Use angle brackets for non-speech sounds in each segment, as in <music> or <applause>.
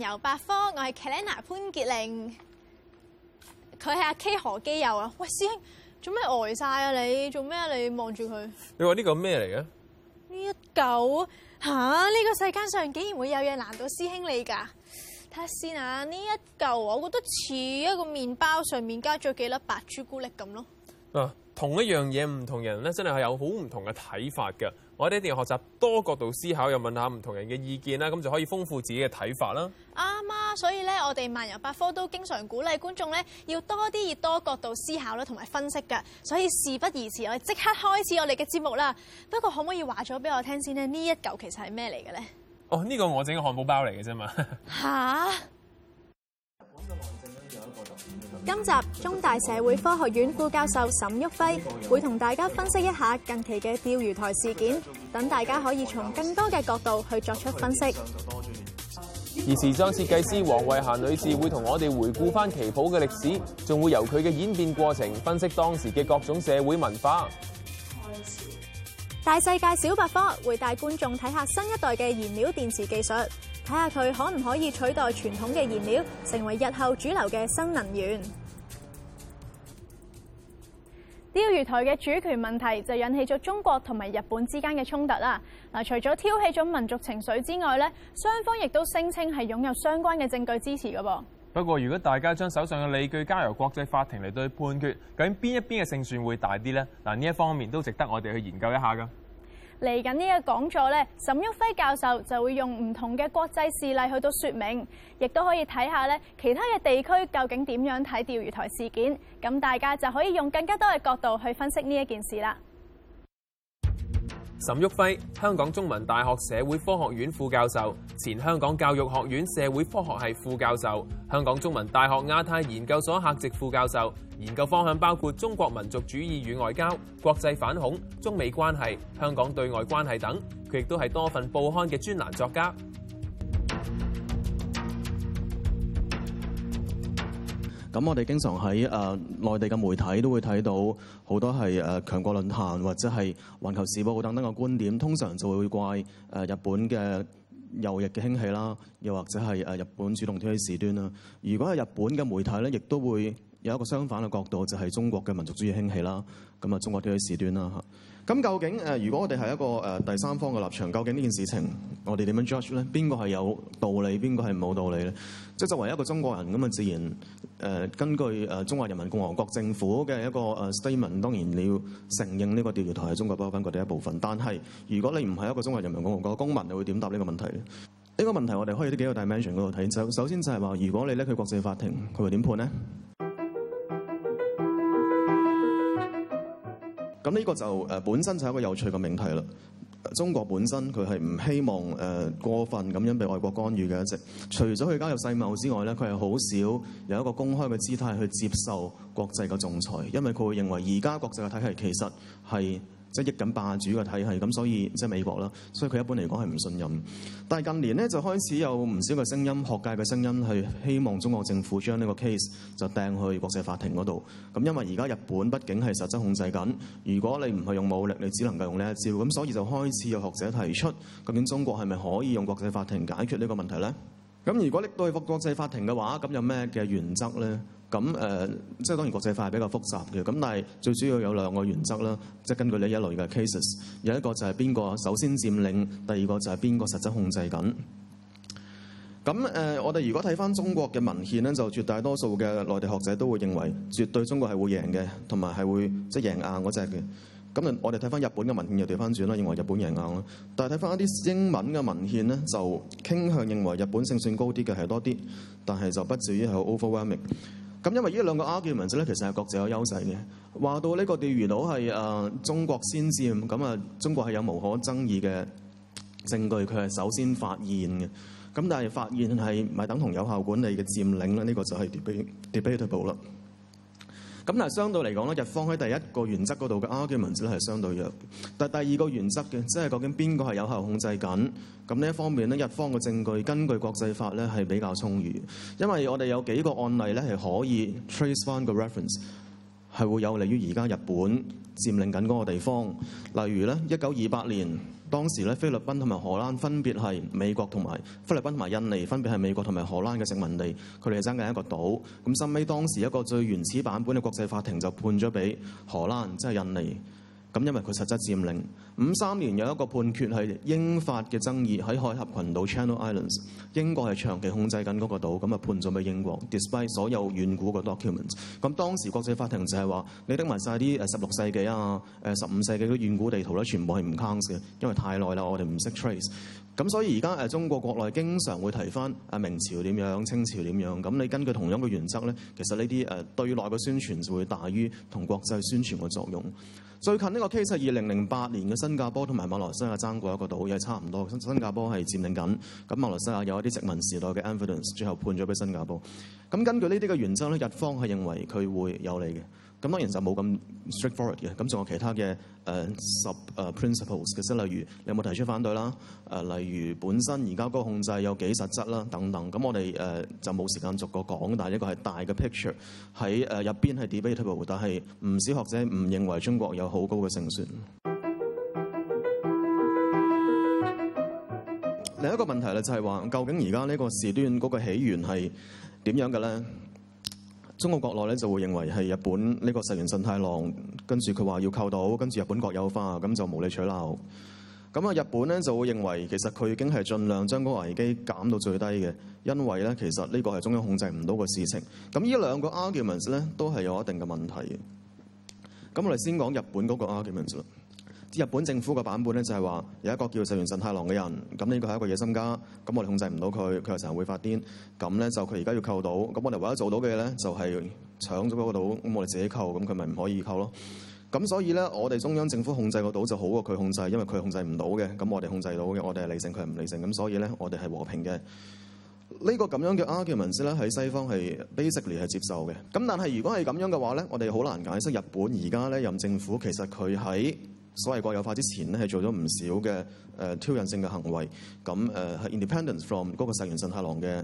由百科，我係 Kelenna 潘潔玲，佢係阿 K 何基佑啊！喂，師兄，做咩呆晒啊？你做咩啊？你望住佢？你話呢個咩嚟嘅？呢一嚿吓，呢個世界上竟然會有嘢難到師兄你噶？睇下先啊，呢一嚿，我覺得似一個麵包上面加咗幾粒白朱古力咁咯。啊，同一樣嘢唔同人咧，真係有好唔同嘅睇法嘅。我哋一定要學習多角度思考，又問下唔同人嘅意見啦，咁就可以豐富自己嘅睇法啦。啱啊，所以咧，我哋萬有百科都經常鼓勵觀眾咧，要多啲以多角度思考啦，同埋分析㗎。所以事不宜遲，我哋即刻開始我哋嘅節目啦。不過可唔可以話咗俾我聽先咧？呢一嚿其實係咩嚟嘅咧？哦，呢、這個我整個漢堡包嚟嘅啫嘛。吓？今集，中大社會科學院副教授沈旭輝會同大家分析一下近期嘅釣魚台事件，等大家可以從更多嘅角度去作出分析。而時裝設計師黃惠霞女士會同我哋回顧翻旗袍嘅歷史，仲會由佢嘅演變過程分析當時嘅各種社會文化。大世界小百科會帶觀眾睇下新一代嘅燃料電池技術。睇下佢可唔可以取代傳統嘅燃料，成為日後主流嘅新能源。釣魚台嘅主權問題就引起咗中國同埋日本之間嘅衝突啦。嗱，除咗挑起咗民族情緒之外，咧雙方亦都聲稱係擁有相關嘅證據支持嘅噃。不過，如果大家將手上嘅理據交由國際法庭嚟對判決，究竟邊一邊嘅勝算會大啲咧？嗱，呢一方面都值得我哋去研究一下噶。嚟緊呢個講座咧，沈旭暉教授就會用唔同嘅國際事例去到說明，亦都可以睇下咧其他嘅地區究竟點樣睇釣魚台事件，咁大家就可以用更加多嘅角度去分析呢一件事啦。沈旭暉，香港中文大學社會科學院副教授，前香港教育學院社會科學系副教授，香港中文大學亞太研究所客席副教授，研究方向包括中國民族主義與外交、國際反恐、中美關係、香港對外關係等。佢亦都係多份報刊嘅專欄作家。咁我哋經常喺誒、呃、內地嘅媒體都會睇到好多係誒、呃、強國論壇或者係環球時報等等嘅觀點，通常就會怪誒、呃、日本嘅右翼嘅興起啦，又或者係誒、呃、日本主動挑起事端啦。如果係日本嘅媒體咧，亦都會有一個相反嘅角度，就係、是、中國嘅民族主義興起啦。咁啊，中國挑起事端啦嚇。咁究竟誒、呃，如果我哋係一個誒、呃、第三方嘅立場，究竟呢件事情我哋點樣 judge 咧？邊個係有道理，邊個係冇道理咧？即係作為一個中國人咁啊，自然誒、呃、根據誒、呃、中華人民共和國政府嘅一個誒 statement，當然你要承認呢個釣魚台係中國不可分割嘅一部分。但係如果你唔係一個中華人民共和國公民，你會點答呢個問題咧？呢、這個問題我哋可以呢幾個大 dimension 嗰度睇。首先就係話，如果你拎去國際法庭，佢會點判呢？咁、這、呢個就本身就係一個有趣嘅命題啦。中國本身佢係唔希望過分咁樣被外國干預嘅，一直，除咗佢加入世貿之外咧，佢係好少有一個公開嘅姿態去接受國際嘅仲裁，因為佢會認為而家國際嘅體系其實係。即係益緊霸主嘅體系，咁、就是，所以即係美國啦，所以佢一般嚟講係唔信任。但係近年咧就開始有唔少嘅聲音，學界嘅聲音，係希望中國政府將呢個 case 就掟去國際法庭嗰度。咁因為而家日本畢竟係實質控制緊，如果你唔係用武力，你只能夠用呢一招。咁所以就開始有學者提出，究竟中國係咪可以用國際法庭解決呢個問題咧？咁如果拎到去國際法庭嘅話，咁有咩嘅原則咧？咁誒、呃，即係當然國際化係比較複雜嘅。咁，但係最主要有兩個原則啦，即係根據呢一類嘅 cases。有一個就係邊個首先佔領，第二個就係邊個實質控制緊。咁誒、呃，我哋如果睇翻中國嘅文獻呢，就絕大多數嘅內地學者都會認為絕對中國係會贏嘅，同埋係會即係、就是、贏硬嗰隻嘅。咁我哋睇翻日本嘅文獻又調翻轉啦，認為日本贏硬啦。但係睇翻一啲英文嘅文獻呢，就傾向認為日本勝算高啲嘅係多啲，但係就不至於係 overwhelming。咁因為呢兩個 argument 咧，其實係各自有優勢嘅。話到呢個釣魚島係誒中國先佔，咁啊中國係有無可爭議嘅證據，佢係首先發現嘅。咁但係發現係唔係等同有效管理嘅佔領咧？呢個就係 debate debatable 啦。咁但係相對嚟講咧，日方喺第一個原則嗰度嘅 argument 文係相對弱的，但係第二個原則嘅，即係究竟邊個係有效控制緊？咁呢一方面咧，日方嘅證據根據國際法咧係比較充裕，因為我哋有幾個案例咧係可以 trace 返 a 個 reference，係會有利於而家日本。佔領緊嗰個地方，例如咧一九二八年，當時咧菲律賓同埋荷蘭分別係美國同埋菲律賓同埋印尼分別係美國同埋荷蘭嘅殖民地，佢哋係爭緊一個島。咁收尾當時一個最原始版本嘅國際法庭就判咗俾荷蘭，即係印尼。咁因為佢實質佔領。五三年有一個判決，係英法嘅爭議，喺海峽群島 Channel Islands，英國係長期控制緊嗰個島，咁啊判咗俾英國，despite 所有遠古嘅 documents。咁當時國際法庭就係話，你拎埋晒啲誒十六世紀啊、誒十五世紀嘅遠古地圖咧，全部係唔 count 嘅，因為太耐啦，我哋唔識 trace。咁所以而家中國國內經常會提翻啊明朝點樣、清朝點樣。咁你根據同樣嘅原則咧，其實呢啲對內嘅宣傳就會大於同國際宣傳嘅作用。最近呢個 case，二零零八年嘅新加坡同埋馬來西亞爭過一個島，又係差唔多。新新加坡係佔領緊，咁馬來西亞有一啲殖民時代嘅 evidence，最後判咗俾新加坡。咁根據呢啲嘅原則咧，日方係認為佢會有利嘅。咁當然就冇咁 straightforward 嘅，咁仲有其他嘅誒十誒 principles，即例如你有冇提出反對啦，誒，例如本身而家嗰個控制有幾實質啦，等等。咁我哋誒就冇時間逐個講，但係一個係大嘅 picture 喺誒入邊係 debatable，但係唔少學者唔認為中國有好高嘅勝算。另一個問題咧就係話，究竟而家呢個事端嗰個起源係點樣嘅咧？中國國內咧就會認為係日本呢個石原慎太郎，跟住佢話要購島，跟住日本國有化，咁就無理取鬧。咁啊日本咧就會認為其實佢已經係盡量將個危機減到最低嘅，因為咧其實呢個係中央控制唔到嘅事情。咁呢兩個 argument 咧都係有一定嘅問題嘅。咁我哋先講日本嗰個 argument 啦。日本政府嘅版本咧就係話有一個叫石原慎太郎嘅人，咁呢個係一個野心家，咁我哋控制唔到佢，佢又成日會發癲咁咧。就佢而家要購島。咁，我哋唯一做到嘅嘢咧，就係搶咗嗰個島，咁，我哋自己購，咁佢咪唔可以購咯？咁所以咧，我哋中央政府控制個島就好過佢控制，因為佢控制唔到嘅，咁我哋控制到嘅，我哋係理性，佢係唔理性咁，所以咧我哋係和平嘅呢、呢個咁樣嘅 argument 咧喺西方係 basically 係接受嘅。咁但係如果係咁樣嘅話咧，我哋好難解釋日本而家咧任政府其實佢喺。所謂國有化之前咧，係做咗唔少嘅誒、呃、挑釁性嘅行為，咁誒係 independence from 嗰個石原慎太郎嘅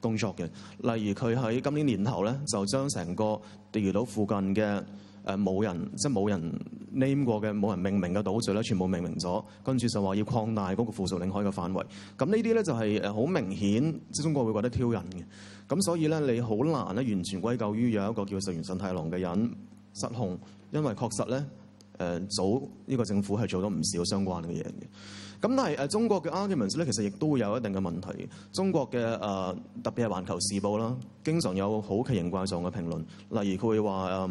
工作嘅。例如佢喺今年年頭咧，就將成個釣魚島附近嘅誒冇人，即係冇人 name 過嘅冇人命名嘅島嶼咧，全部命名咗，跟住就話要擴大嗰個附屬領海嘅範圍。咁呢啲咧就係誒好明顯，即中國會覺得挑釁嘅。咁所以咧，你好難咧完全歸咎於有一個叫石原慎太郎嘅人失控，因為確實咧。誒早呢個政府係做咗唔少相關嘅嘢嘅，咁但係誒、呃、中國嘅 arguments 咧，其實亦都會有一定嘅問題嘅。中國嘅誒、呃、特別係《環球時報》啦，經常有好奇形怪狀嘅評論，例如佢會話誒，即、呃、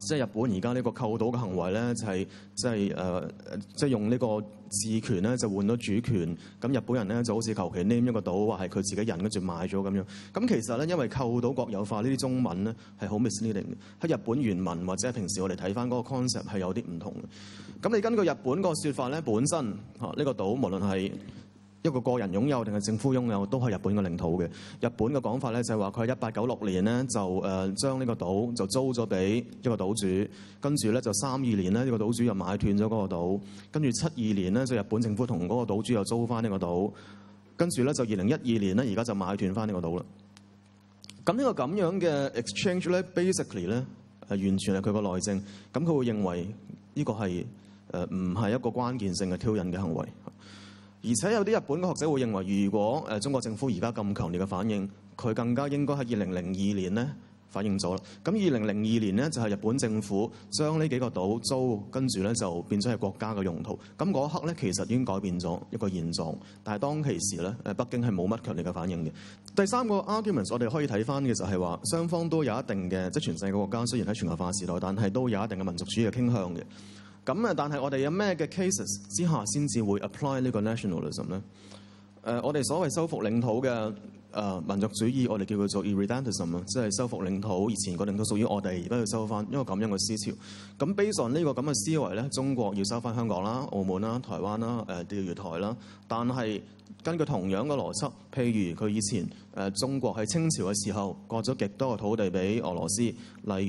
係、就是、日本而家呢個購島嘅行為咧，就係即係誒即係用呢、這個。自權咧就換咗主權，咁日本人咧就好似求其 name 一個島，話係佢自己人跟住買咗咁樣。咁其實咧，因為購島國有化呢啲中文咧係好 misleading 嘅，喺日本原文或者平時我哋睇翻嗰個 concept 係有啲唔同嘅。咁你根據日本嗰個説法咧，本身啊呢、呢個島無論係，一個個人擁有定係政府擁有都係日本嘅領土嘅。日本嘅講法咧就係話佢喺一八九六年咧就誒將呢個島就租咗俾一個島主，跟住咧就三二年咧呢個島主又買斷咗嗰個島，跟住七二年咧就日本政府同嗰個島主又租翻呢個島，跟住咧就二零一二年咧而家就買斷翻呢個島啦。咁呢個咁樣嘅 exchange 咧，basically 咧係完全係佢個內政。咁佢會認為呢個係誒唔係一個關鍵性嘅挑釁嘅行為。而且有啲日本嘅學者會認為，如果誒中國政府而家咁強烈嘅反應，佢更加應該喺二零零二年咧反應咗啦。咁二零零二年咧就係日本政府將呢幾個島租，跟住咧就變咗係國家嘅用途。咁嗰刻咧其實已經改變咗一個現狀，但係當其時咧誒北京係冇乜強烈嘅反應嘅。第三個 argument 我哋可以睇翻嘅就係話雙方都有一定嘅，即係全世界國家雖然喺全球化時代，但係都有一定嘅民族主義嘅傾向嘅。咁啊！但係我哋有咩嘅 cases 之下先至會 apply 呢個 nationalism 咧？誒，uh，我哋所謂收復領土嘅。誒、uh，民族主義，我哋叫佢做 irredentism 啊，即係收復領土，以前個領土屬於我哋，而家要收翻，因為咁樣嘅思潮。咁 base on 呢個咁嘅思維咧，中國要收翻香港啦、澳門啦、台灣啦、誒、呃、釣魚台啦。但係根據同樣嘅邏輯，譬如佢以前誒、呃、中國喺清朝嘅時候割咗極多嘅土地俾俄羅斯，例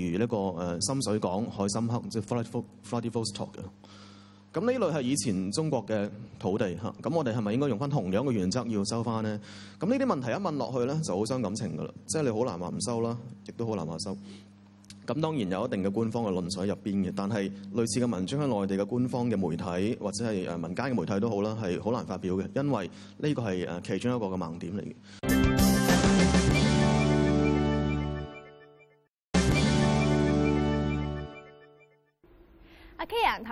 如呢個誒深水港、海參崴，即係 Vladi Vladivostok 嘅。咁呢類係以前中國嘅土地嚇，咁我哋係咪應該用翻同樣嘅原則要收翻呢？咁呢啲問題一問落去咧，就好傷感情噶啦，即係你好難話唔收啦，亦都好難話收。咁當然有一定嘅官方嘅論述喺入邊嘅，但係類似嘅文章喺內地嘅官方嘅媒體或者係誒民間嘅媒體都好啦，係好難發表嘅，因為呢個係誒其中一個嘅盲點嚟嘅。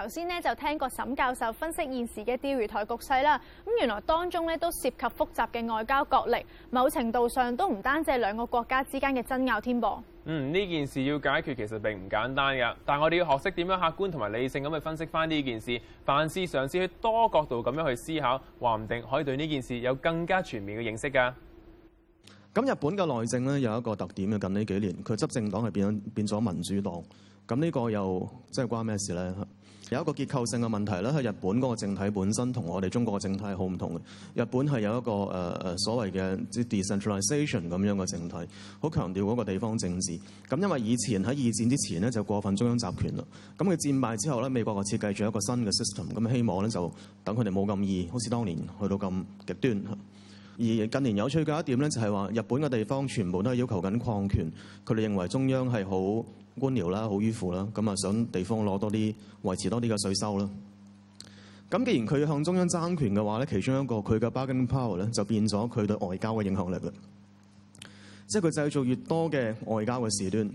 首先呢，就聽過沈教授分析現時嘅釣魚台局勢啦。咁原來當中咧都涉及複雜嘅外交角力，某程度上都唔單止係兩個國家之間嘅爭拗添噃。嗯，呢件事要解決其實並唔簡單㗎，但係我哋要學識點樣客觀同埋理性咁去分析翻呢件事。凡事嘗試去多角度咁樣去思考，話唔定可以對呢件事有更加全面嘅認識㗎。咁日本嘅內政呢，有一個特點嘅，近呢幾年佢執政黨係變咗變咗民主黨。咁呢個又即係、就是、關咩事咧？有一個結構性嘅問題咧，喺日本嗰個政體本身同我哋中國嘅政體好唔同嘅。日本係有一個誒誒所謂嘅即 decentralization 咁樣嘅政體，好強調嗰個地方政治。咁因為以前喺二戰之前咧就過分中央集權啦。咁佢戰敗之後咧，美國就設計咗一個新嘅 system，咁希望咧就等佢哋冇咁易，好似當年去到咁極端。而近年有趣嘅一點咧，就係話日本嘅地方全部都係要求緊擴權，佢哋認為中央係好官僚啦、好迂腐啦，咁啊想地方攞多啲維持多啲嘅稅收啦。咁既然佢向中央爭權嘅話咧，其中一個佢嘅 bargaining power 咧，就變咗佢對外交嘅影響力啦，即係佢製造越多嘅外交嘅事端。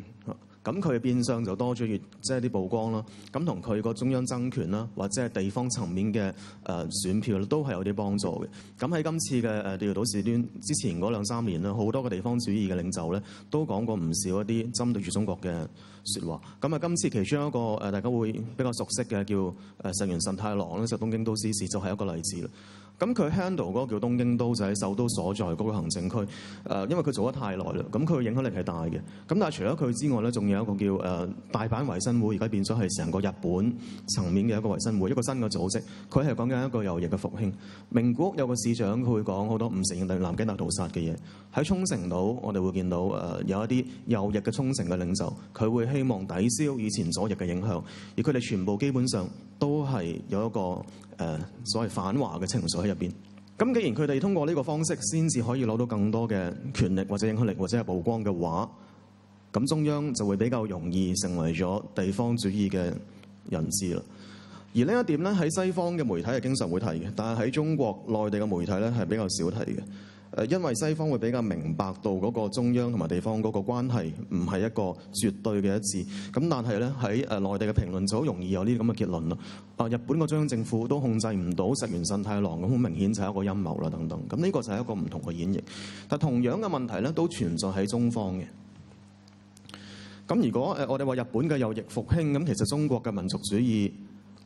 咁佢變相就多咗越即係啲曝光啦，咁同佢個中央爭權啦，或者係地方層面嘅誒選票都係有啲幫助嘅。咁喺今次嘅誒釣魚島事端之前嗰兩三年咧，好多個地方主義嘅領袖咧都講過唔少一啲針對住中國嘅說話。咁啊，今次其中一個誒大家會比較熟悉嘅叫誒石原慎太郎咧，就東京都知事就係、是、一個例子啦。咁佢 handle 嗰個叫東京都就喺首都所在嗰個行政區，呃、因為佢做得太耐啦，咁佢影響力係大嘅。咁但係除咗佢之外咧，仲有一個叫、呃、大阪維新會，而家變咗係成個日本層面嘅一個維新會，一個新嘅組織。佢係講緊一個右翼嘅復興。名古屋有個市長，佢會講好多唔承認南京大屠殺嘅嘢。喺沖繩島我到，我哋會見到呃、有一啲右翼嘅沖繩嘅領袖，佢會希望抵消以前左翼嘅影響，而佢哋全部基本上都係有一個，誒，所謂反華嘅情緒喺入邊。咁既然佢哋通過呢個方式先至可以攞到更多嘅權力，或者影響力，或者係曝光嘅話，咁中央就會比較容易成為咗地方主義嘅人質啦。而呢一點咧喺西方嘅媒體係經常會提嘅，但係喺中國內地嘅媒體咧係比較少提嘅。誒，因為西方會比較明白到嗰個中央同埋地方嗰個關係唔係一個絕對嘅一致，咁但係咧喺誒內地嘅評論就好容易有呢啲咁嘅結論咯。啊，日本個中央政府都控制唔到石原慎太郎，咁好明顯就係一個陰謀啦等等。咁呢個就係一個唔同嘅演繹，但同樣嘅問題咧都存在喺中方嘅。咁如果誒我哋話日本嘅右翼復興，咁其實中國嘅民族主義，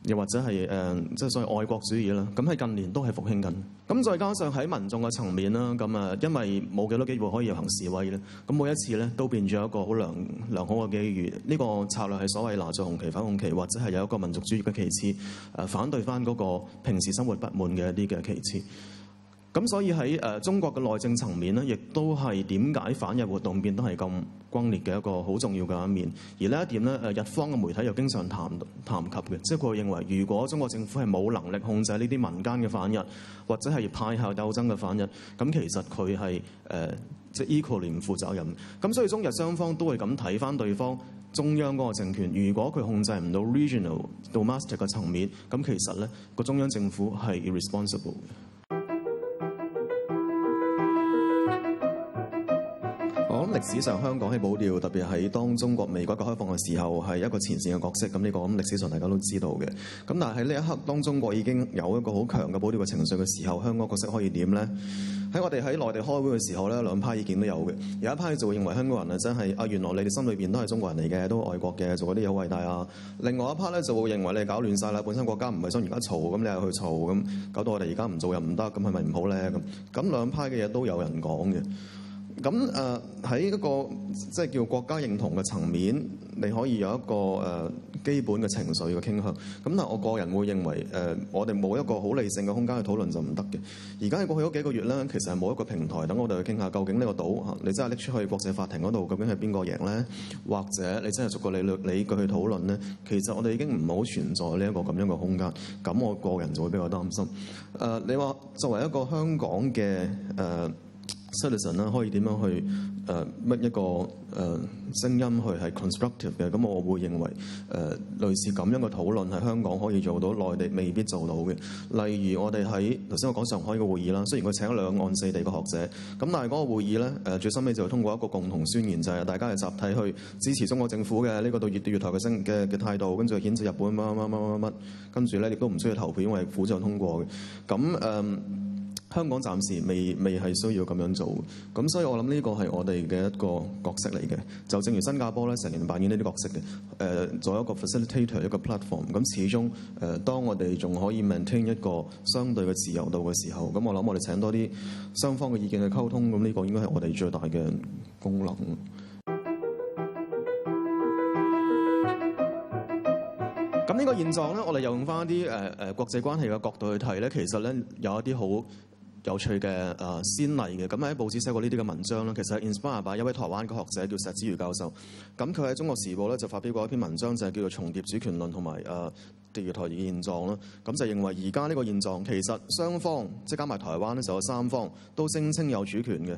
又或者係誒，即係所謂愛國主義啦。咁喺近年都係復興緊。咁再加上喺民眾嘅層面啦，咁啊，因為冇幾多機會可以遊行示威咧，咁每一次咧都變咗一個好良良好嘅機遇。呢、這個策略係所謂拿住紅旗反紅旗，或者係有一個民族主義嘅旗幟，誒反對翻嗰個平時生活不滿嘅一啲嘅旗幟。咁所以喺誒、呃、中國嘅內政層面咧，亦都係點解反日活動變得係咁轟烈嘅一個好重要嘅一面。而呢一點咧，誒日方嘅媒體又經常談談及嘅，即係佢認為，如果中國政府係冇能力控制呢啲民間嘅反日或者係派下鬥爭嘅反日，咁其實佢係誒即係 equally 唔負責任。咁所以中日雙方都係咁睇翻對方中央嗰個政權，如果佢控制唔到 regional domestic 嘅層面，咁其實咧個中央政府係 irresponsible。史上香港喺保釣，特別係當中國未改革開放嘅時候，係一個前綫嘅角色。咁、這、呢個咁歷史上大家都知道嘅。咁但係喺呢一刻，當中國已經有一個好強嘅保釣嘅情緒嘅時候，香港角色可以點呢？喺我哋喺內地開會嘅時候咧，兩派意見都有嘅。有一派就會認為香港人啊真係啊，原來你哋心裏邊都係中國人嚟嘅，都愛國嘅，做嗰啲好偉大啊。另外一派呢，就會認為你搞亂晒啦，本身國家唔係想而家嘈，咁你又去嘈，咁搞到我哋而家唔做又唔得，咁係咪唔好呢？咁咁兩派嘅嘢都有人講嘅。咁誒喺一個即係叫國家認同嘅層面，你可以有一個誒、呃、基本嘅情緒嘅傾向。咁但係我個人會認為誒、呃，我哋冇一個好理性嘅空間去討論就唔得嘅。而家喺過去嗰幾個月咧，其實係冇一個平台等我哋去傾下究竟呢個島嚇你真係拎出去國際法庭嗰度，究竟係邊個贏咧？或者你真係逐個理論理據去討論咧？其實我哋已經唔好存在呢一個咁樣嘅空間。咁我個人就會比較擔心。誒、呃，你話作為一個香港嘅誒、呃 Citizen 啦，可以點樣去誒乜、呃、一個誒聲、呃、音去係 constructive 嘅？咁我會認為誒、呃、類似咁樣嘅討論，喺香港可以做到，內地未必做到嘅。例如我哋喺頭先我講上海嘅會議啦，雖然佢請咗兩岸四地嘅學者，咁但係嗰個會議咧誒最深尾就通過一個共同宣言，就係、是、大家係集體去支持中國政府嘅呢、這個對釣魚台嘅新嘅嘅態度，跟住顯示日本乜乜乜乜乜，跟住咧亦都唔需要投票，因為鼓掌通過嘅。咁誒。呃香港暫時未未係需要咁樣做，咁所以我諗呢個係我哋嘅一個角色嚟嘅。就正如新加坡咧，成年扮演呢啲角色嘅，誒、呃、做一個 facilitator 一個 platform。咁始終誒、呃，當我哋仲可以 maintain 一個相對嘅自由度嘅時候，咁我諗我哋請多啲雙方嘅意見去溝通，咁呢個應該係我哋最大嘅功能。咁呢 <music> 個現狀咧，我哋又用翻一啲誒誒國際關係嘅角度去睇咧，其實咧有一啲好有趣嘅誒先例嘅，咁喺報紙寫過呢啲嘅文章啦。其實 inspire by 一位台灣嘅學者叫石子瑜教授，咁佢喺《中國時報》咧就發表過一篇文章，就係叫做《重疊主權論》同埋誒釣魚台現狀啦。咁就認為而家呢個現狀其實雙方即加埋台灣咧就有三方都聲稱有主權嘅。咁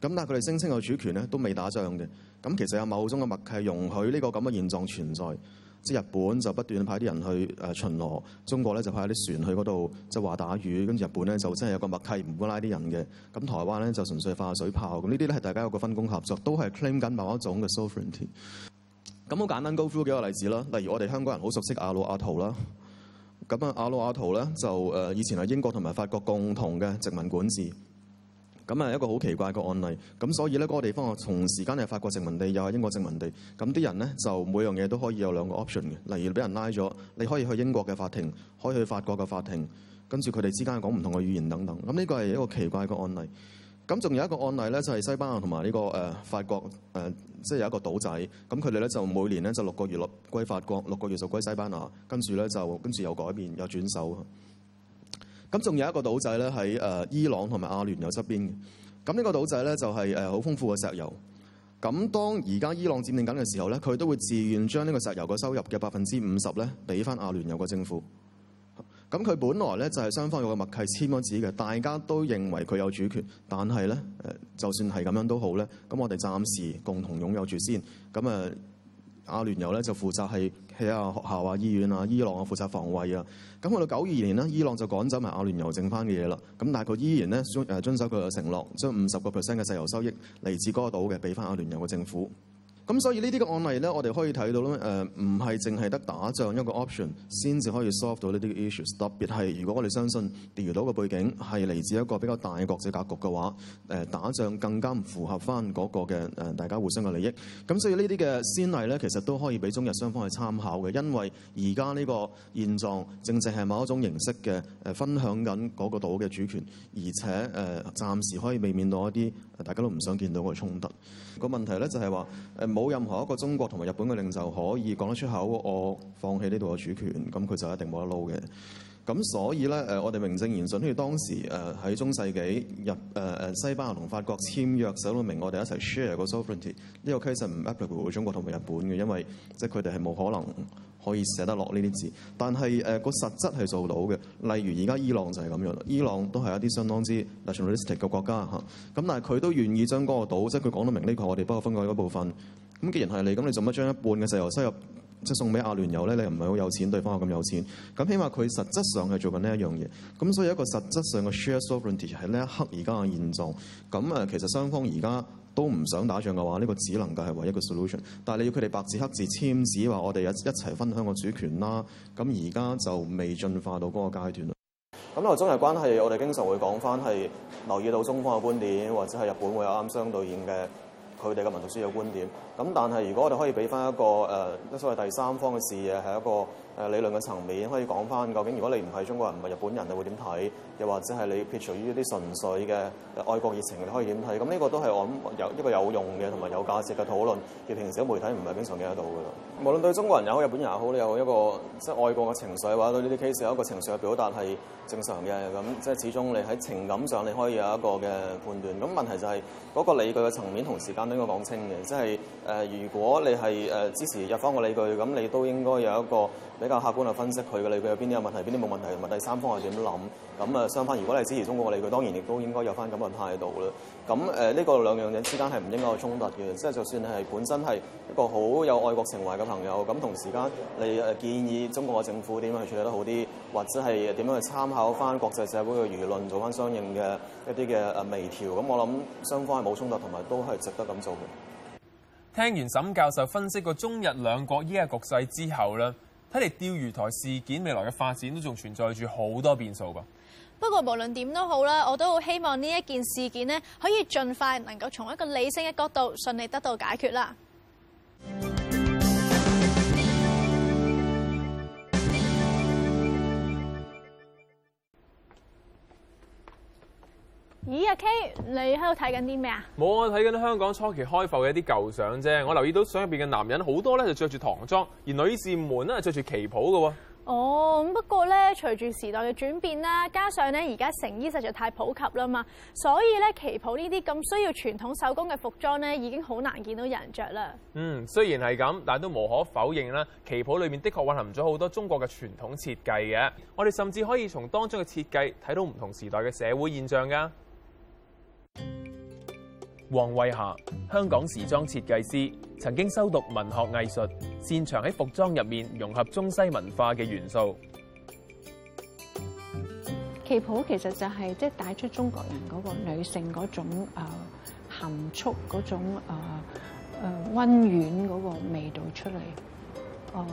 但係佢哋聲稱有主權咧都未打仗嘅。咁其實有某種嘅默契容許呢個咁嘅現狀存在。即係日本就不斷派啲人去誒巡邏，中國咧就派啲船去嗰度即係話打魚，跟住日本咧就真係有個默契唔會拉啲人嘅。咁台灣咧就純粹化水炮。咁呢啲咧係大家有個分工合作，都係 claim 緊某一種嘅 sovereignty。咁好簡單 go through 幾個例子啦。例如我哋香港人好熟悉阿魯阿圖啦。咁啊阿魯阿圖咧就誒以前係英國同埋法國共同嘅殖民管治。咁啊，一個好奇怪個案例。咁所以呢嗰個地方啊，同時間係法國殖民地，又係英國殖民地。咁啲人呢就每樣嘢都可以有兩個 option 嘅。例如俾人拉咗，你可以去英國嘅法庭，可以去法國嘅法庭。跟住佢哋之間講唔同嘅語言等等。咁呢個係一個奇怪嘅案例。咁仲有一個案例呢，就係西班牙同埋呢個誒法國誒，即係有一個島仔。咁佢哋呢就每年呢就六個月落歸法國，六個月就歸西班牙。跟住呢就跟住又改變，又轉手。咁仲有一個島仔咧，喺誒伊朗同埋阿聯酋側邊嘅。咁呢個島仔咧就係誒好豐富嘅石油。咁當而家伊朗佔領緊嘅時候咧，佢都會自願將呢個石油嘅收入嘅百分之五十咧俾翻阿聯酋個政府。咁佢本來咧就係雙方有個默契簽咗字嘅，大家都認為佢有主權，但係咧誒，就算係咁樣都好咧，咁我哋暫時共同擁有住先咁啊。阿聯酋咧就負責係起下學校啊、醫院啊，伊朗啊負責防衛啊。咁去到九二年咧，伊朗就趕走埋阿聯酋剩翻嘅嘢啦。咁但係佢依然咧遵遵守佢嘅承諾，將五十個 percent 嘅石油收益嚟自嗰個島嘅俾翻阿聯酋嘅政府。咁所以呢啲嘅案例咧，我哋可以睇到咧，誒唔係淨係得打仗一個 option 先至可以 solve 到呢啲 issue，特別係如果我哋相信釣魚島嘅背景係嚟自一個比較大嘅國際格局嘅話，誒、呃、打仗更加唔符合翻嗰個嘅誒、呃、大家互相嘅利益。咁所以呢啲嘅先例咧，其實都可以俾中日雙方去參考嘅，因為而家呢個現狀正正係某一種形式嘅誒、呃、分享緊嗰個島嘅主權，而且誒、呃、暫時可以避免到一啲大家都唔想見到嘅衝突。嗰個問題咧就係話誒。呃冇任何一個中國同埋日本嘅領袖可以講得出口，我放棄呢度嘅主權，咁佢就一定冇得撈嘅。咁所以咧，誒我哋名正言順，好似當時誒喺中世紀日誒誒西班牙同法國簽約，寫到明我哋一齊 share 個 sovereignty，呢個 case 唔 applicable 中國同埋日本嘅，因為即係佢哋係冇可能。可以寫得落呢啲字，但係誒、呃個實質係做到嘅。例如而家伊朗就係咁樣，伊朗都係一啲相當之 nationalistic 嘅國家嚇。咁、嗯、但係佢都願意將嗰個島，即係佢講得明呢個，我哋不過分割嗰部分。咁、嗯、既然係你，咁你做乜將一半嘅石油收入即係、就是、送俾阿聯酋咧？你又唔係好有錢，對方又咁有錢。咁、嗯、起碼佢實質上係做緊呢一樣嘢。咁、嗯、所以一個實質上嘅 share sovereignty 係呢一刻而家嘅現狀。咁、嗯、誒、嗯、其實雙方而家，都唔想打仗嘅話，呢、這個只能夠係唯一個 solution。但係你要佢哋白紙黑字簽字話，我哋一一齊分享個主權啦。咁而家就未進化到嗰個階段啦。咁內中日關係，我哋經常會講翻係留意到中方嘅觀點，或者係日本會有啱相對應嘅佢哋嘅民族主義嘅觀點。咁但係如果我哋可以俾翻一個誒、呃，所謂第三方嘅視野係一個。誒理論嘅層面，可以講翻究竟，如果你唔係中國人唔係日本人，你會點睇？又或者係你撇除於一啲純粹嘅愛國熱情，你可以點睇？咁呢個都係我諗有一個有用嘅同埋有價值嘅討論，而平時媒體唔係經常見得到嘅啦 <music> 無論對中國人又好，日本人又好，你有一個即係愛國嘅情緒，或者對呢啲 case 有一個情緒嘅表達係正常嘅。咁即係始終你喺情感上你可以有一個嘅判斷。咁問題就係嗰個理據嘅層面同時間都應該講清嘅，即係誒、呃，如果你係誒、呃、支持日方嘅理據，咁你都應該有一個。比較客觀去分析佢嘅理據有邊啲有問題，邊啲冇問題，同埋第三方係點諗咁啊？相反，如果你係支持中國嘅理據，當然亦都應該有翻咁嘅態度啦。咁誒呢個兩樣嘢之間係唔應該有衝突嘅，即係就算你係本身係一個好有愛國情懷嘅朋友，咁同時間你誒建議中國嘅政府點樣去處理得好啲，或者係點樣去參考翻國際社會嘅輿論，做翻相應嘅一啲嘅誒微調咁，我諗雙方係冇衝突，同埋都係值得咁做嘅。聽完沈教授分析過中日兩國依家局勢之後咧。睇嚟釣魚台事件未來嘅發展都仲存在住好多變數噃。不過無論點都好啦，我都好希望呢一件事件呢，可以盡快能夠從一個理性嘅角度順利得到解決啦。咦啊 K，你喺度睇緊啲咩啊？冇啊，睇緊香港初期開埠嘅一啲舊相啫。我留意到相入邊嘅男人好多咧，就着住唐裝，而女士們咧着住旗袍㗎喎。哦。哦，咁不過咧，隨住時代嘅轉變啦，加上咧而家成衣實在太普及啦嘛，所以咧旗袍呢啲咁需要傳統手工嘅服裝咧，已經好難見到有人着啦。嗯，雖然係咁，但都無可否認啦，旗袍裏面的確蘊含咗好多中國嘅傳統設計嘅。我哋甚至可以從當中嘅設計睇到唔同時代嘅社會現象㗎。黃惠霞，香港時裝設計師，曾經修讀文學藝術，擅長喺服裝入面融合中西文化嘅元素。旗袍其實就係即係帶出中國人嗰個女性嗰種誒、呃、含蓄嗰種誒誒溫軟嗰個味道出嚟。誒、呃。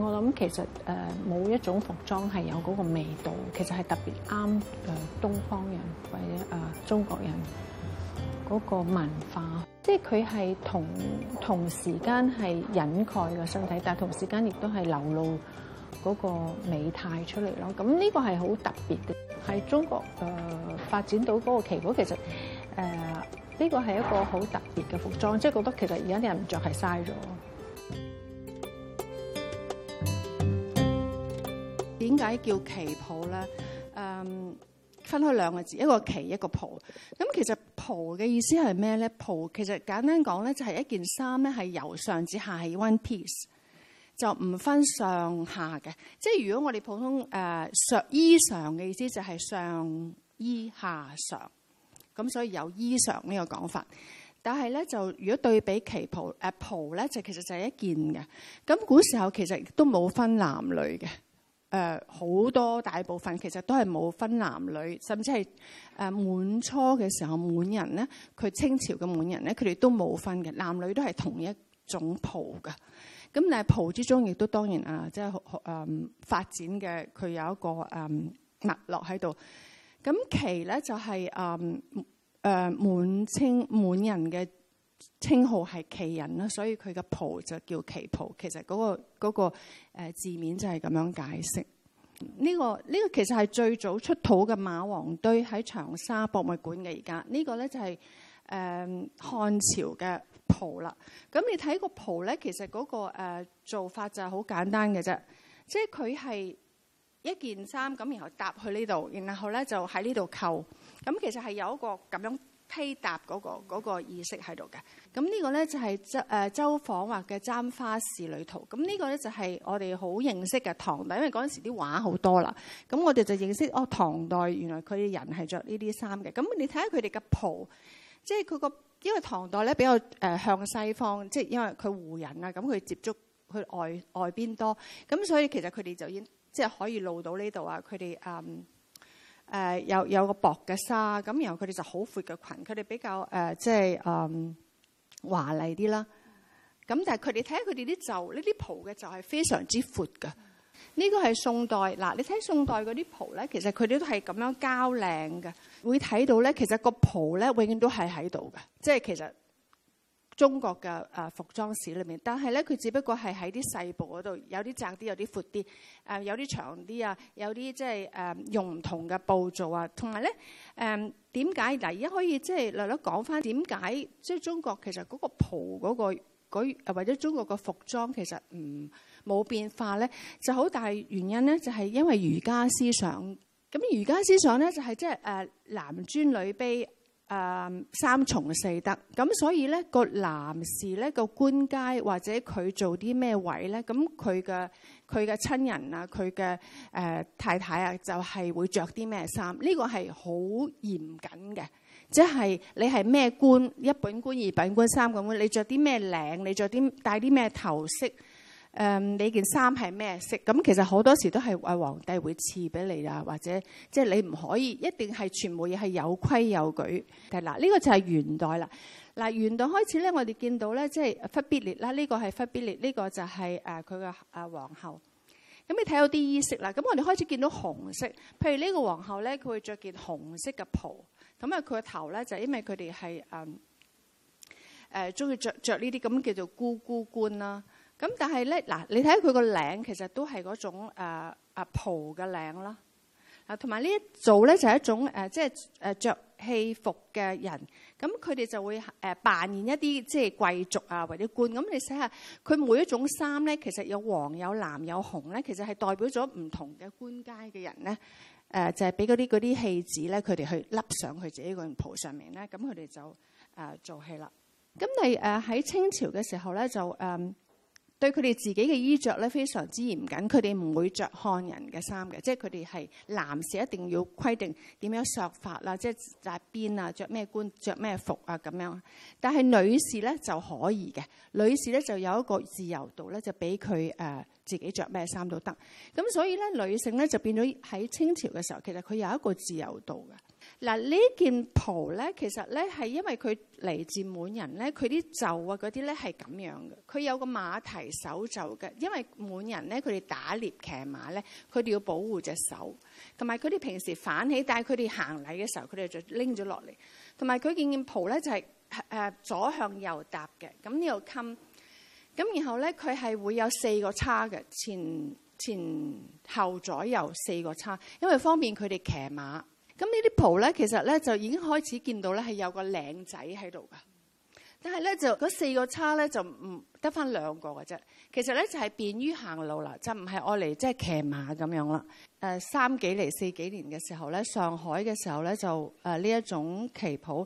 我諗其實誒冇一種服裝係有嗰個味道，其實係特別啱誒東方人或者中國人嗰個文化就是它是，即係佢係同同時間係隱蓋嘅身體，但係同時間亦都係流露嗰個美態出嚟咯。咁呢個係好特別嘅，喺中國誒發展到嗰個旗袍，嗰其實誒呢、呃這個係一個好特別嘅服裝，即、就、係、是、覺得其實而家啲人唔着係嘥咗。點解叫旗袍咧？誒、嗯，分開兩個字，一個旗，一個袍。咁其實袍嘅意思係咩咧？袍其實簡單講咧，就係一件衫咧，係由上至下係 one piece，就唔分上下嘅。即係如果我哋普通誒、呃、上衣裳嘅意思就是，就係上衣下裳咁，所以有衣裳呢個講法。但係咧，就如果對比旗袍誒、呃、袍咧，就其實就係一件嘅。咁古時候其實都冇分男女嘅。誒、呃、好多大部分其實都係冇分男女，甚至係誒、呃、滿初嘅時候滿人咧，佢清朝嘅滿人咧，佢哋都冇分嘅，男女都係同一種袍噶。咁但係袍之中亦都當然啊，即係誒發展嘅佢有一個誒、嗯、脈絡喺度。咁旗咧就係誒誒滿清滿人嘅。稱號係旗人啦，所以佢嘅袍就叫旗袍。其實嗰、嗰個嗰、嗰個、字面就係咁樣解釋。呢、呢個呢、呢個其實係最早出土嘅馬王堆喺長沙博物館嘅而家呢個咧就係、係、誒、嗯、漢朝嘅袍啦。咁你睇個袍咧，其實嗰、嗰個、呃、做法就係好簡單嘅啫，即係佢係一件衫咁，然後搭去呢度，然後咧就喺呢度扣。咁其實係有一個咁樣。披搭嗰、那個嗰、那個、意識喺度嘅，咁呢個咧就係、是、周誒周昉畫嘅《簪、呃、花仕女圖》，咁呢個咧就係、是、我哋好認識嘅唐代，因為嗰陣時啲畫好多啦，咁我哋就認識哦唐代原來佢人係着呢啲衫嘅。咁你睇下佢哋嘅袍，即係佢個因為唐代咧比較、呃、向西方，即、就、係、是、因為佢胡人啊，咁佢接觸佢外外邊多，咁所以其實佢哋就已經即係、就是、可以露到呢度啊，佢哋誒、呃、有有個薄嘅紗，咁然後佢哋就好闊嘅裙，佢哋比較誒、呃、即係誒華麗啲啦。咁、呃嗯、但係佢哋睇下佢哋啲袖呢啲袍嘅袖係非常之闊嘅㗎。呢、嗯這個係宋代嗱、呃，你睇宋代嗰啲袍咧，其實佢哋都係咁樣交領嘅，會睇到咧，其實個袍咧永遠都係喺度嘅，即係其實。中國嘅誒服裝史裏面，但係咧佢只不過係喺啲細部嗰度，有啲窄啲，有啲闊啲，誒有啲長啲、就是嗯、啊，有啲即係誒用唔同嘅布做啊。同埋咧誒點解？嗱，而家可以即係略略講翻點解，即、就、係、是、中國其實嗰個袍嗰、那個或者中國嘅服裝其實唔冇、嗯、變化咧，就好大原因咧就係、是、因為儒家思想。咁儒家思想咧就係即係誒男尊女卑。誒、嗯、三重四德，咁所以咧個男士咧個官階或者佢做啲咩位咧，咁佢嘅佢嘅親人啊，佢嘅誒太太啊，就係、是、會着啲咩衫？呢、這個係好嚴謹嘅，即、就、係、是、你係咩官，一品官、二品官、三品官，你着啲咩領，你着啲戴啲咩頭飾。誒、嗯，你件衫係咩色？咁其實好多時都係阿皇帝會賜俾你啊，或者即係、就是、你唔可以一定係全部嘢係有規有矩。係嗱，呢、這個就係元代啦。嗱，元代開始咧，我哋見到咧，即係忽必烈啦。呢個係忽必烈，呢、這個這個就係誒佢嘅阿皇后。咁、呃、你睇到啲衣飾啦。咁、呃、我哋開始見到紅色，譬如呢個皇后咧，佢會着件紅色嘅袍。咁、呃、啊，佢個頭咧就係、因為佢哋係誒誒中意着著呢啲咁叫做姑姑冠啦。咁但係咧嗱，你睇下佢個領其實都係嗰種誒啊袍嘅領啦。啊，同埋呢一組咧就係一種誒，即係誒着戲服嘅人。咁佢哋就會誒扮演一啲即係貴族啊，或者官。咁你睇下佢每一種衫咧，其實有黃有藍有紅咧，其實係代表咗唔同嘅官階嘅人咧。誒就係俾嗰啲嗰啲戲子咧，佢哋去笠上佢自己嗰件袍上面咧，咁佢哋就誒做戲啦。咁你誒喺清朝嘅時候咧，就誒。對佢哋自己嘅衣着咧非常之嚴謹，佢哋唔會着漢人嘅衫嘅，即係佢哋係男士一定要規定點樣削法啦，即係扎辮啊，着咩冠、着咩服啊咁樣。但係女士咧就可以嘅，女士咧就有一個自由度咧，就俾佢誒自己着咩衫都得。咁所以咧女性咧就變咗喺清朝嘅時候，其實佢有一個自由度嘅。嗱呢件袍咧，其實咧係因為佢嚟自滿人咧，佢啲袖啊嗰啲咧係咁樣嘅。佢有個馬蹄手袖嘅，因為滿人咧佢哋打獵騎馬咧，佢哋要保護隻手，同埋佢哋平時反起，但係佢哋行禮嘅時候，佢哋就拎咗落嚟。同埋佢件件袍咧就係誒左向右搭嘅，咁呢個襟。咁然後咧佢係會有四個叉嘅，前前後左右四個叉，因為方便佢哋騎馬。咁呢啲袍咧，其實咧就已經開始見到咧係有個靚仔喺度噶，但係咧就嗰四個叉咧就唔得翻兩個嘅啫。其實咧就係、是、便於行路啦，就唔係愛嚟即係騎馬咁樣啦，呃。三幾年四幾年嘅時候咧，上海嘅時候咧就呢、呃、一種旗袍，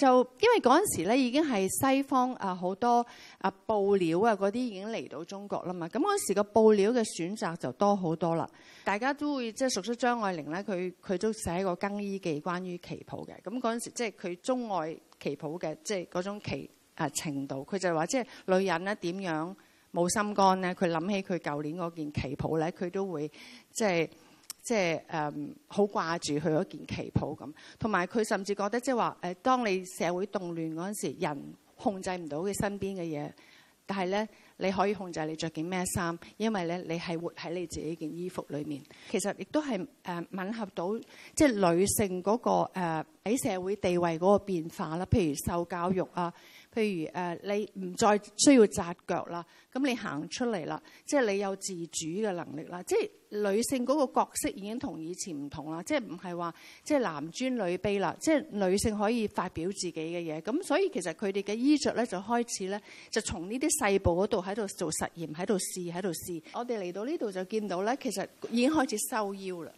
就因為嗰陣時咧已經係西方啊，好多啊布料啊嗰啲已經嚟到中國啦嘛，咁嗰陣時個布料嘅選擇就多好多啦。大家都會即係、就是，熟悉張愛玲咧，佢佢都寫個《更衣記》關於旗袍嘅。咁嗰陣時即係佢鍾愛旗袍嘅，即係嗰種旗啊、呃、程度。佢就話即係女人咧點樣冇心肝咧，佢諗起佢舊年嗰件旗袍咧，佢都會即係。就是即係誒，好掛住佢嗰件旗袍咁，同埋佢甚至覺得即係話誒，當你社會動亂嗰陣時，人控制唔到佢身邊嘅嘢，但係咧你可以控制你着件咩衫，因為咧你係活喺你自己件衣服裏面。其實亦都係誒，呃，吻合到即係女性嗰個誒喺，呃，社會地位嗰個變化啦，譬如受教育啊。譬如誒，你唔再需要紮腳啦，咁你行出嚟啦，即係你有自主嘅能力啦。即係女性嗰個角色已經同以前唔同啦，即係唔係話即係男尊女卑啦，即係女性可以發表自己嘅嘢。咁所以其實佢哋嘅衣着咧就開始咧就從呢啲細部嗰度喺度做實驗，喺度試，喺度試。我哋嚟到呢度就見到咧，其實已經開始收腰啦。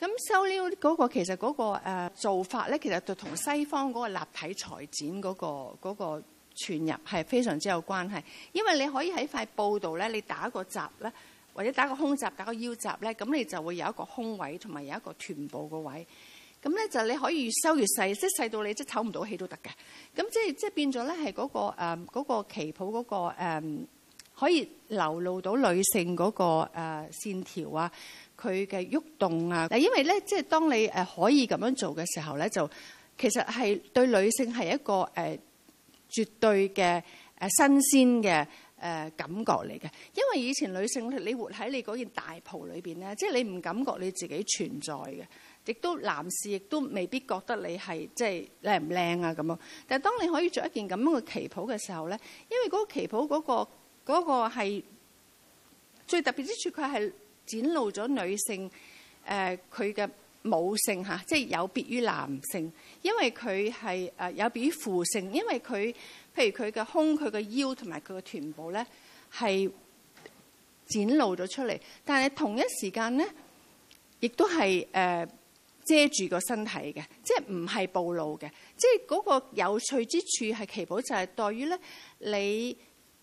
咁收腰嗰、那個其實嗰個做法咧，其實就、那、同、個呃、西方嗰個立體裁剪嗰個嗰、那個、傳入係非常之有關係。因為你可以喺塊布度咧，你打個褶咧，或者打個胸褶、打個腰褶咧，咁你就會有一個空位同埋有一個臀部嘅位。咁咧就你可以越收越細，即係細到你即係唞唔到氣都得嘅。咁即係即係變咗咧、那個，係、呃、嗰、那個誒旗袍嗰、那個、呃、可以流露到女性嗰、那個誒、呃、線條啊！佢嘅喐動啊！因為咧，即係當你誒可以咁樣做嘅時候咧，就其實係對女性係一個誒絕對嘅誒新鮮嘅誒感覺嚟嘅。因為以前女性你活喺你嗰件大袍裏邊咧，即係你唔感覺你自己存在嘅，亦都男士亦都未必覺得你係即係靚唔靚啊咁咯。但係當你可以着一件咁樣嘅旗袍嘅時候咧，因為嗰旗袍嗰個嗰個係最特別之處，佢係。展露咗女性誒佢嘅母性吓、啊，即係有別於男性，因為佢係誒有別於父性，因為佢譬如佢嘅胸、佢嘅腰同埋佢嘅臀部咧係展露咗出嚟，但係同一時間咧亦都係誒、呃、遮住個身體嘅，即係唔係暴露嘅，即係嗰個有趣之處係旗袍就係在於咧你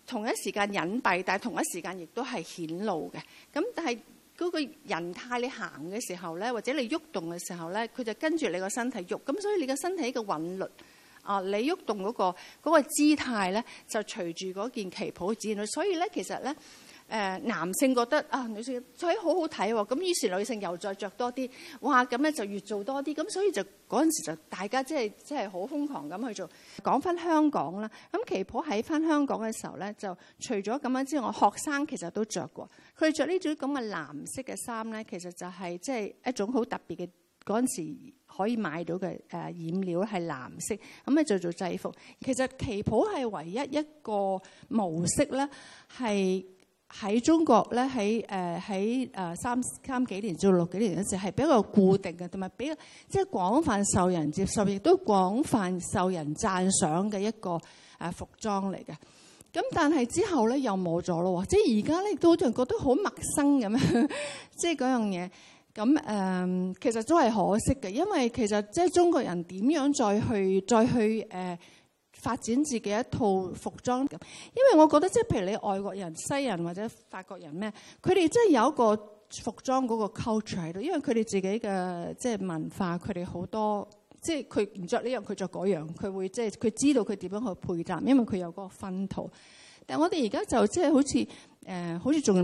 同一時間隱蔽，但係同一時間亦都係顯露嘅，咁但係。嗰個人態你行嘅時候咧，或者你喐動嘅時候咧，佢就跟住你個身體喐，咁所以你個身體嘅韻律啊，你喐動嗰個嗰個姿態咧，就隨住嗰件旗袍展開。所以咧，其實咧。誒男性覺得啊，女性著起好好睇喎，哦，咁於是女性又再着多啲，哇咁咧就越做多啲，咁所以就嗰陣時就大家即係即係好瘋狂咁去做。講翻香港啦，咁旗袍喺翻香港嘅時候咧，就除咗咁樣之外，學生其實都着過。佢着呢種咁嘅藍色嘅衫咧，其實就係即係一種好特別嘅嗰陣時可以買到嘅誒染料係藍色，咁咧就做制服。其實旗袍係唯一一個模式咧，係。喺中國咧，喺誒喺誒三三幾年至到六幾年嘅時，係比較固定嘅，同埋比較即係廣泛受人接受，亦都廣泛受人讚賞嘅一個誒服裝嚟嘅。咁但係之後咧又冇咗咯，即係而家咧都好似覺得好陌生咁樣，即係嗰樣嘢。咁誒其實都係可惜嘅，因為其實即係中國人點樣再去再去誒，呃發展自己一套服裝咁，因為我覺得即係譬如你外國人、西人或者法國人咩，佢哋真係有一個服裝嗰個 culture 喺度，因為佢哋自己嘅即係文化，佢哋好多即係佢唔着呢樣，佢着嗰樣，佢、這個、會即係佢知道佢點樣去配搭，因為佢有嗰個薰陶。但係我哋而家就即係好似誒、呃，好似仲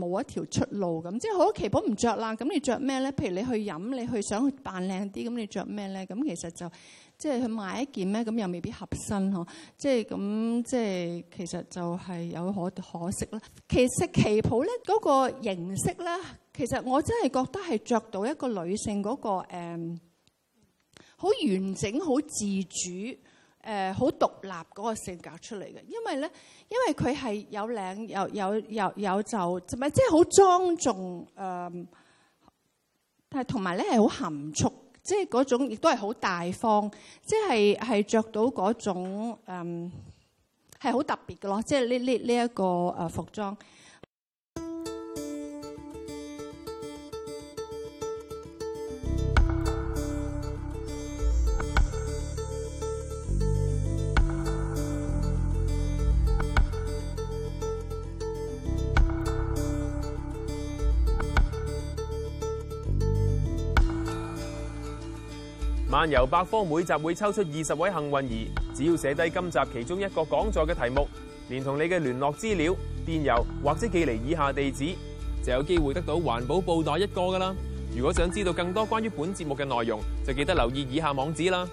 冇一條出路咁，即係好多旗袍唔着啦，咁你着咩咧？譬如你去飲，你去想扮靚啲，咁你着咩咧？咁其實就。即係去買一件咧，咁又未必合身嗬。即係咁，即係其實就係有可可惜啦。其實旗袍咧，嗰個形式咧，其實我真係覺得係著到一個女性嗰個誒、好完整、好自主、誒好獨立嗰個性格出嚟嘅。因為咧，因為佢係有領、有有又有袖，同即係好莊重誒。但係同埋咧係好含蓄。即係嗰種，亦都係好大方，即係係着到嗰種，嗯，係好特別嘅咯。即係呢呢呢一個誒服裝。漫遊百科每集會抽出二十位幸運兒，只要寫低今集其中一個講座嘅題目，連同你嘅聯絡資料、電郵或者寄嚟以下地址，就有機會得到環保布袋一個㗎喇。如果想知道更多關於本節目嘅內容，就記得留意以下網址啦。